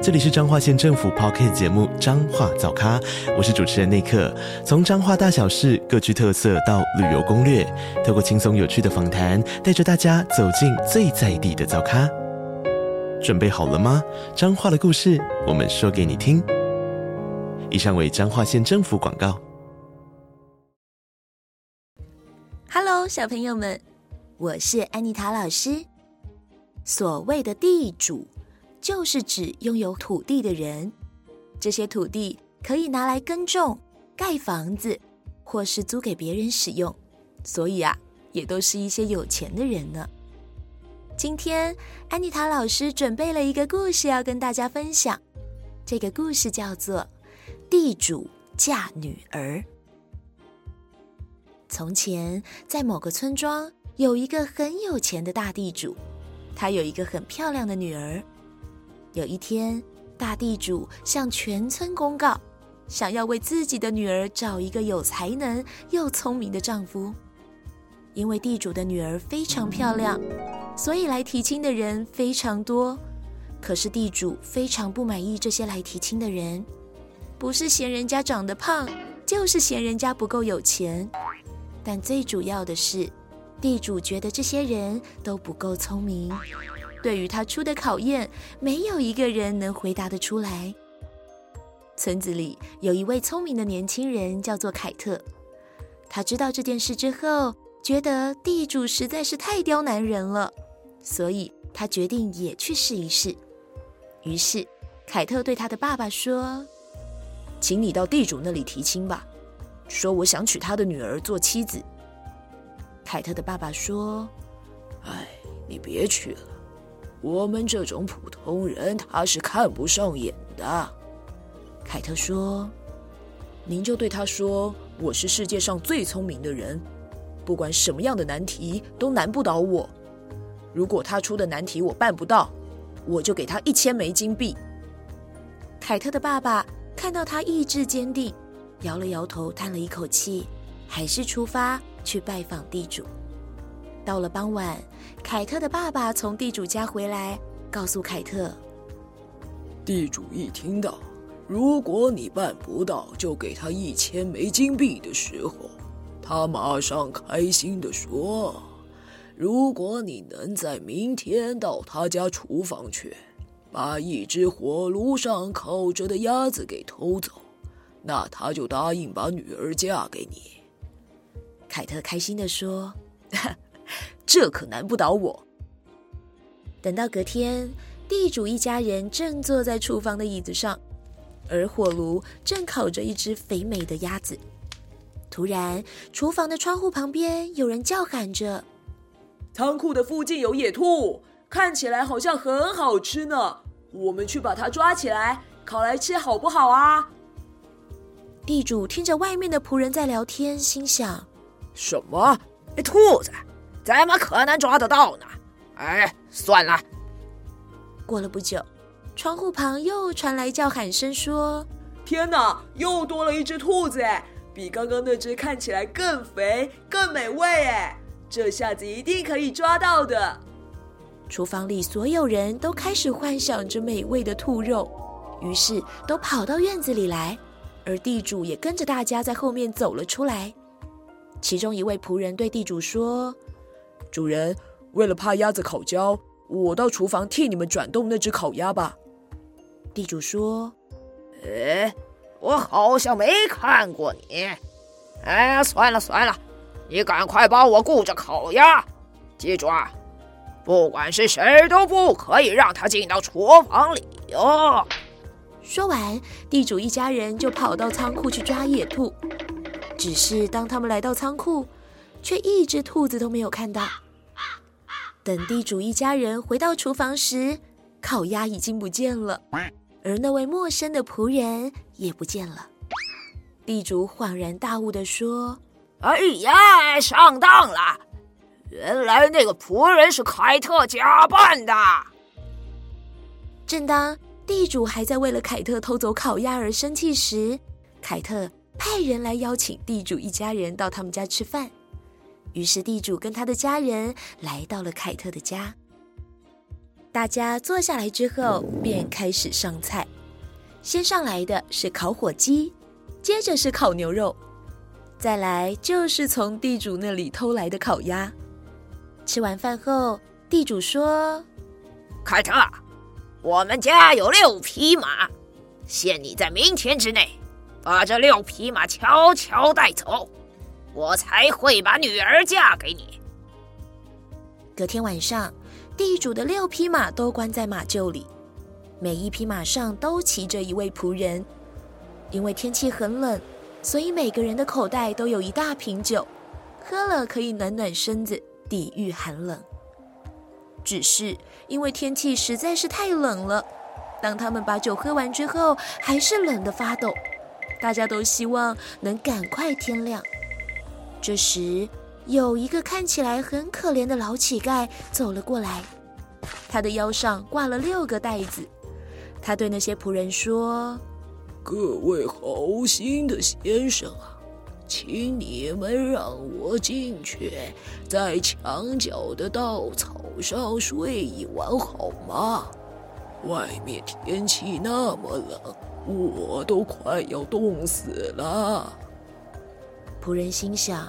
這裡是彰化縣政府 Podcast 節目《彰化早咖》，我是主持人內克。從彰化大小事各具特色到旅遊攻略，透過輕鬆有趣的訪談，帶着大家走進最在地的早咖。準備好了嗎？彰化的故事，我們說給你聽。以上為彰化縣政府廣告。Hello，小朋友們，我是安妮塔老師。所謂的地主。就是指擁有土地的人，這些土地可以拿來耕種、蓋房子，或是租給別人使用，所以啊，也都是一些有錢的人呢。今天安妮塔老師準備了一個故事要跟大家分享，這個故事叫做《地主嫁女兒》。從前，在某個村莊有一個很有錢的大地主，他有一個很漂亮的女兒。有一天，大地主向全村公告，想要為自己的女兒找一個有才能又聰明的丈夫。因為地主的女兒非常漂亮，所以來提親的人非常多。可是地主非常不滿意這些來提親的人，不是嫌人家長得胖，就是嫌人家不夠有錢。但最主要的是，地主覺得這些人都不夠聰明。對於他出的考驗，沒有一個人能回答得出來。村子裡有一位聰明的年輕人，叫做凱特。他知道這件事之後，覺得地主實在是太刁難人了，所以他決定也去試一試。於是，凱特對他的爸爸說：“請你到地主那裡提親吧，說我想娶他的女兒做妻子。”凱特的爸爸說：“哎，你別去了。”我們這種普通人，他是看不上眼的。凱特說：「您就對他說，我是世界上最聰明的人，不管什麼樣的難題都難不倒我。如果他出的難題我辦不到，我就給他一千枚金幣。」凱特的爸爸看到他意志堅定，搖了搖頭，嘆了一口氣，還是出發去拜訪地主。到了傍晚，凱特的爸爸從地主家回來，告訴凱特：“地主一聽到，如果你辦不到，就給他一千枚金幣的時候，他馬上開心地說：如果你能在明天到他家廚房去，把一只火爐上烤着的鴨子給偷走，那他就答應把女兒嫁給你。”凱特開心地說。這可難不倒我。等到隔天，地主一家人正坐在廚房的椅子上，而火爐正烤着一隻肥美的鴨子。突然，廚房的窗戶旁邊有人叫喊着：“倉庫的附近有野兔，看起來好像很好吃呢。我們去把它抓起來，烤來吃好不好啊？”地主聽着外面的僕人在聊天，心想：“什麼？哎，兔子？”怎麼可能抓得到呢？哎，算了。過了不久，窗戶旁又傳來叫喊聲，說：“天哪，又多了一隻兔子！誒！比剛剛那隻看起來更肥、更美味！誒。這下子一定可以抓到的。”廚房裡所有人都開始幻想着美味的兔肉，於是都跑到院子裡來，而地主也跟着大家在後面走了出來。其中一位僕人對地主說：主人，為了怕鴨子烤焦，我到廚房替你們轉動那隻烤鴨吧。地主說：“哎，我好像沒看過你。哎，算了算了，你趕快幫我顧着烤鴨。記住啊，不管是誰都不可以讓他進到廚房裡喲。”說完，地主一家人就跑到倉庫去抓野兔。只是當他們來到倉庫，卻一隻兔子都沒有看到。等地主一家人回到廚房時，烤鴨已經不見了，而那位陌生的僕人也不見了。地主恍然大悟地說：“哎呀，上當了！原來那個僕人是凱特假扮的。”正當地主還在為了凱特偷走烤鴨而生氣時，凱特派人來邀請地主一家人到他們家吃飯。於是地主跟他的家人來到了凱特的家。大家坐下來之後，便開始上菜。先上來的是烤火雞，接着是烤牛肉，再來就是從地主那裡偷來的烤鴨。吃完飯後，地主說：“凱特，我們家有六匹馬，限你在明天之內把這六匹馬悄悄帶走。”我才會把女兒嫁給你。隔天晚上，地主的六匹馬都關在馬廄裡，每一匹馬上都騎着一位僕人。因為天氣很冷，所以每個人的口袋都有一大瓶酒，喝了可以暖暖身子，抵禦寒冷。只是因為天氣實在是太冷了，當他們把酒喝完之後，還是冷得發抖。大家都希望能趕快天亮。這時，有一個看起來很可憐的老乞丐走了過來，他的腰上掛了六個袋子。他對那些僕人說：“各位好心的先生啊，請你們讓我進去，在牆角的稻草上睡一晚好嗎？外面天氣那麼冷，我都快要凍死了。”僕人心想，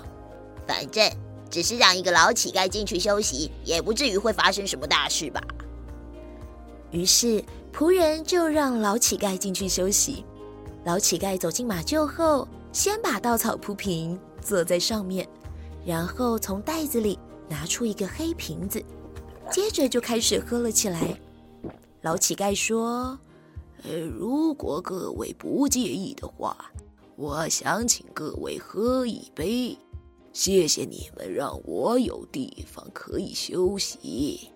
反正只是讓一個老乞丐進去休息，也不至於會發生什麼大事吧。於是僕人就讓老乞丐進去休息。老乞丐走進馬廄後，先把稻草鋪平，坐在上面，然後從袋子裡拿出一個黑瓶子，接着就開始喝了起來。老乞丐說：“呃，如果各位不介意的話。”我想請各位喝一杯，謝謝你們讓我有地方可以休息。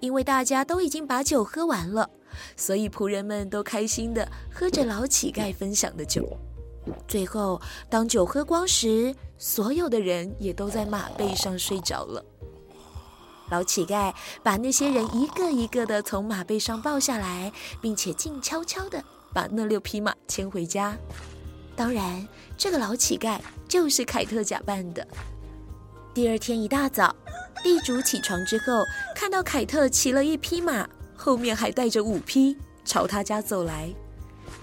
因為大家都已經把酒喝完了，所以僕人們都開心的喝着老乞丐分享的酒。最後，當酒喝光時，所有的人也都在馬背上睡着了。老乞丐把那些人一個一個的從馬背上抱下來，並且靜悄悄的把那六匹馬牽回家。當然，這個老乞丐就是凱特假扮的。第二天一大早，地主起床之後，看到凱特騎了一匹馬，後面還帶着五匹，朝他家走來。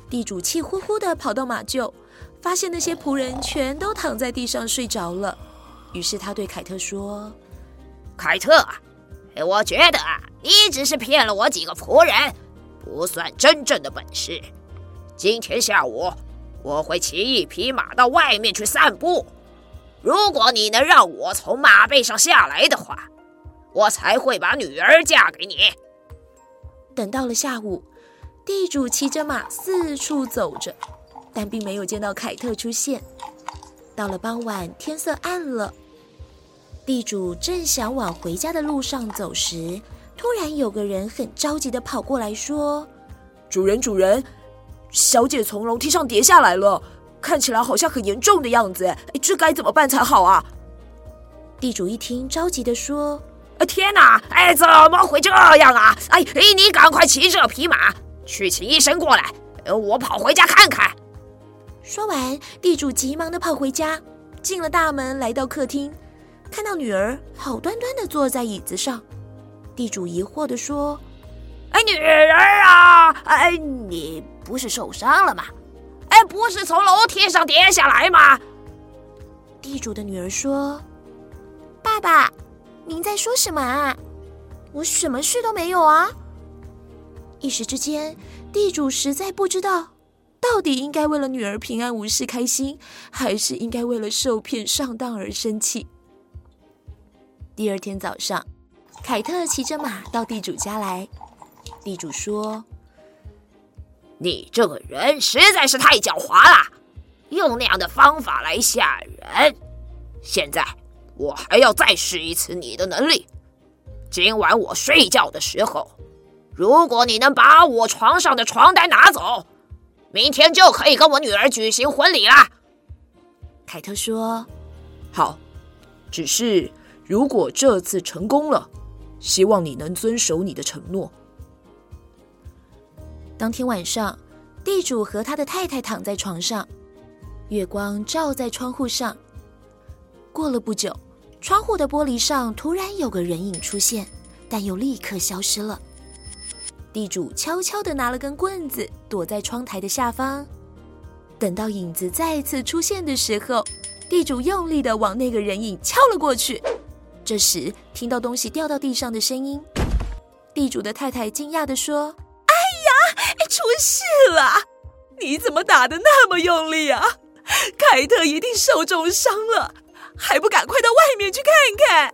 地主氣呼呼地跑到馬廄，發現那些僕人全都躺在地上睡着了。於是他對凱特說：“凱特，啊，我覺得啊，你只是騙了我幾個僕人，不算真正的本事。今天下午。”我會騎一匹馬到外面去散步，如果你能讓我從馬背上下來的話，我才會把女兒嫁給你。等到了下午，地主騎着馬四處走着，但並沒有見到凱特出現。到了傍晚，天色暗了，地主正想往回家的路上走時，突然有個人很着急的跑過來說：“主人，主人。”小姐從樓梯上跌下來了，看起來好像很嚴重的樣子，哎，這該怎麼辦才好啊？地主一聽，着急的說：“啊，天哪，哎，怎麼會這樣啊？哎，哎，你趕快騎這匹馬去請醫生過來，我跑回家看看。”說完，地主急忙的跑回家，進了大門，來到客廳，看到女兒好端端的坐在椅子上，地主疑惑的說。哎，女兒啊，哎，你不是受傷了嗎？哎，不是從樓梯上跌下來嗎？地主的女兒說：“爸爸，您在說什麼啊？我什麼事都沒有啊。”一時之間，地主實在不知道，到底應該為了女兒平安無事開心，還是應該為了受騙上當而生氣。第二天早上，凱特騎着馬到地主家來。地主說：“你這個人實在是太狡猾了，用那樣的方法來嚇人。現在我還要再試一次你的能力。今晚我睡覺的時候，如果你能把我床上的床單拿走，明天就可以跟我女兒舉行婚禮了。”凱特說：“好，只是如果這次成功了，希望你能遵守你的承諾。”.當天晚上，地主和他的太太躺在床上，月光照在窗戶上。過了不久，窗戶的玻璃上突然有個人影出現，但又立刻消失了。地主悄悄的拿了根棍子，躲在窗台的下方。等到影子再次出現的時候，地主用力的往那個人影敲了過去。這時，聽到東西掉到地上的聲音，地主的太太驚訝的說。哎，出事了！你怎麼打得那麼用力啊？凱特一定受重傷了，還不趕快到外面去看看！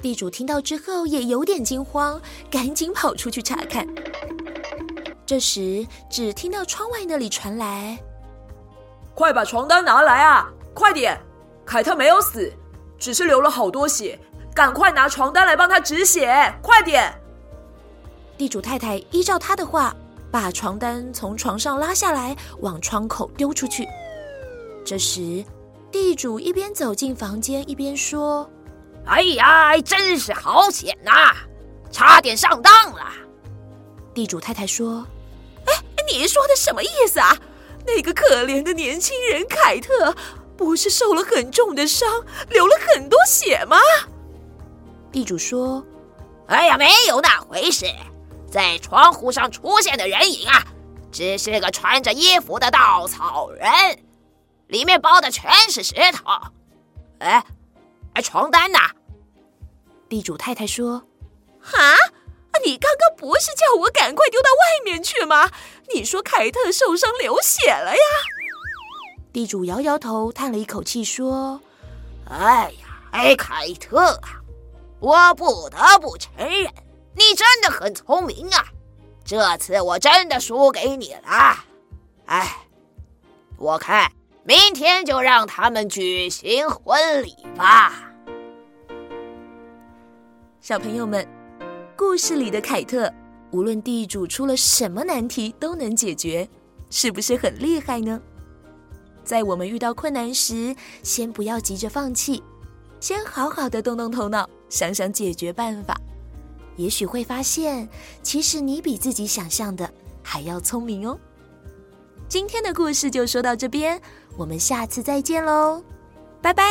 地主聽到之後也有點驚慌，趕緊跑出去查看。這時，只聽到窗外那裡傳來：“快把床單拿來啊！快點！凱特沒有死，只是流了好多血，趕快拿床單來幫他止血！快點！”地主太太依照他的話，把床單從床上拉下來，往窗口丟出去。這時，地主一邊走進房間，一邊說：“哎呀，真是好險吶啊，差點上當了。”地主太太說：“哎，你說的什麼意思啊？那個可憐的年輕人凱特，不是受了很重的傷，流了很多血嗎？”地主說：“哎呀，沒有那回事。”在窗戶上出現的人影啊，只是個穿着衣服的稻草人，裡面包的全是石頭。哎，哎，床單呢？地主太太說：“哈，你剛剛不是叫我趕快丟到外面去嗎？你說凱特受傷流血了呀？”地主搖搖頭，嘆了一口氣說：“哎呀，哎，凱特啊，我不得不承認。”你真的很聰明啊！這次我真的輸給你了。哎，我看明天就讓他們舉行婚禮吧。小朋友們，故事裡的凱特，無論地主出了什麼難題都能解決，是不是很厲害呢？在我們遇到困難時，先不要急着放棄，先好好的動動頭腦，想想解決辦法。也許會發現，其實你比自己想象的還要聰明哦。今天的故事就說到這邊，我們下次再見嘍，拜拜。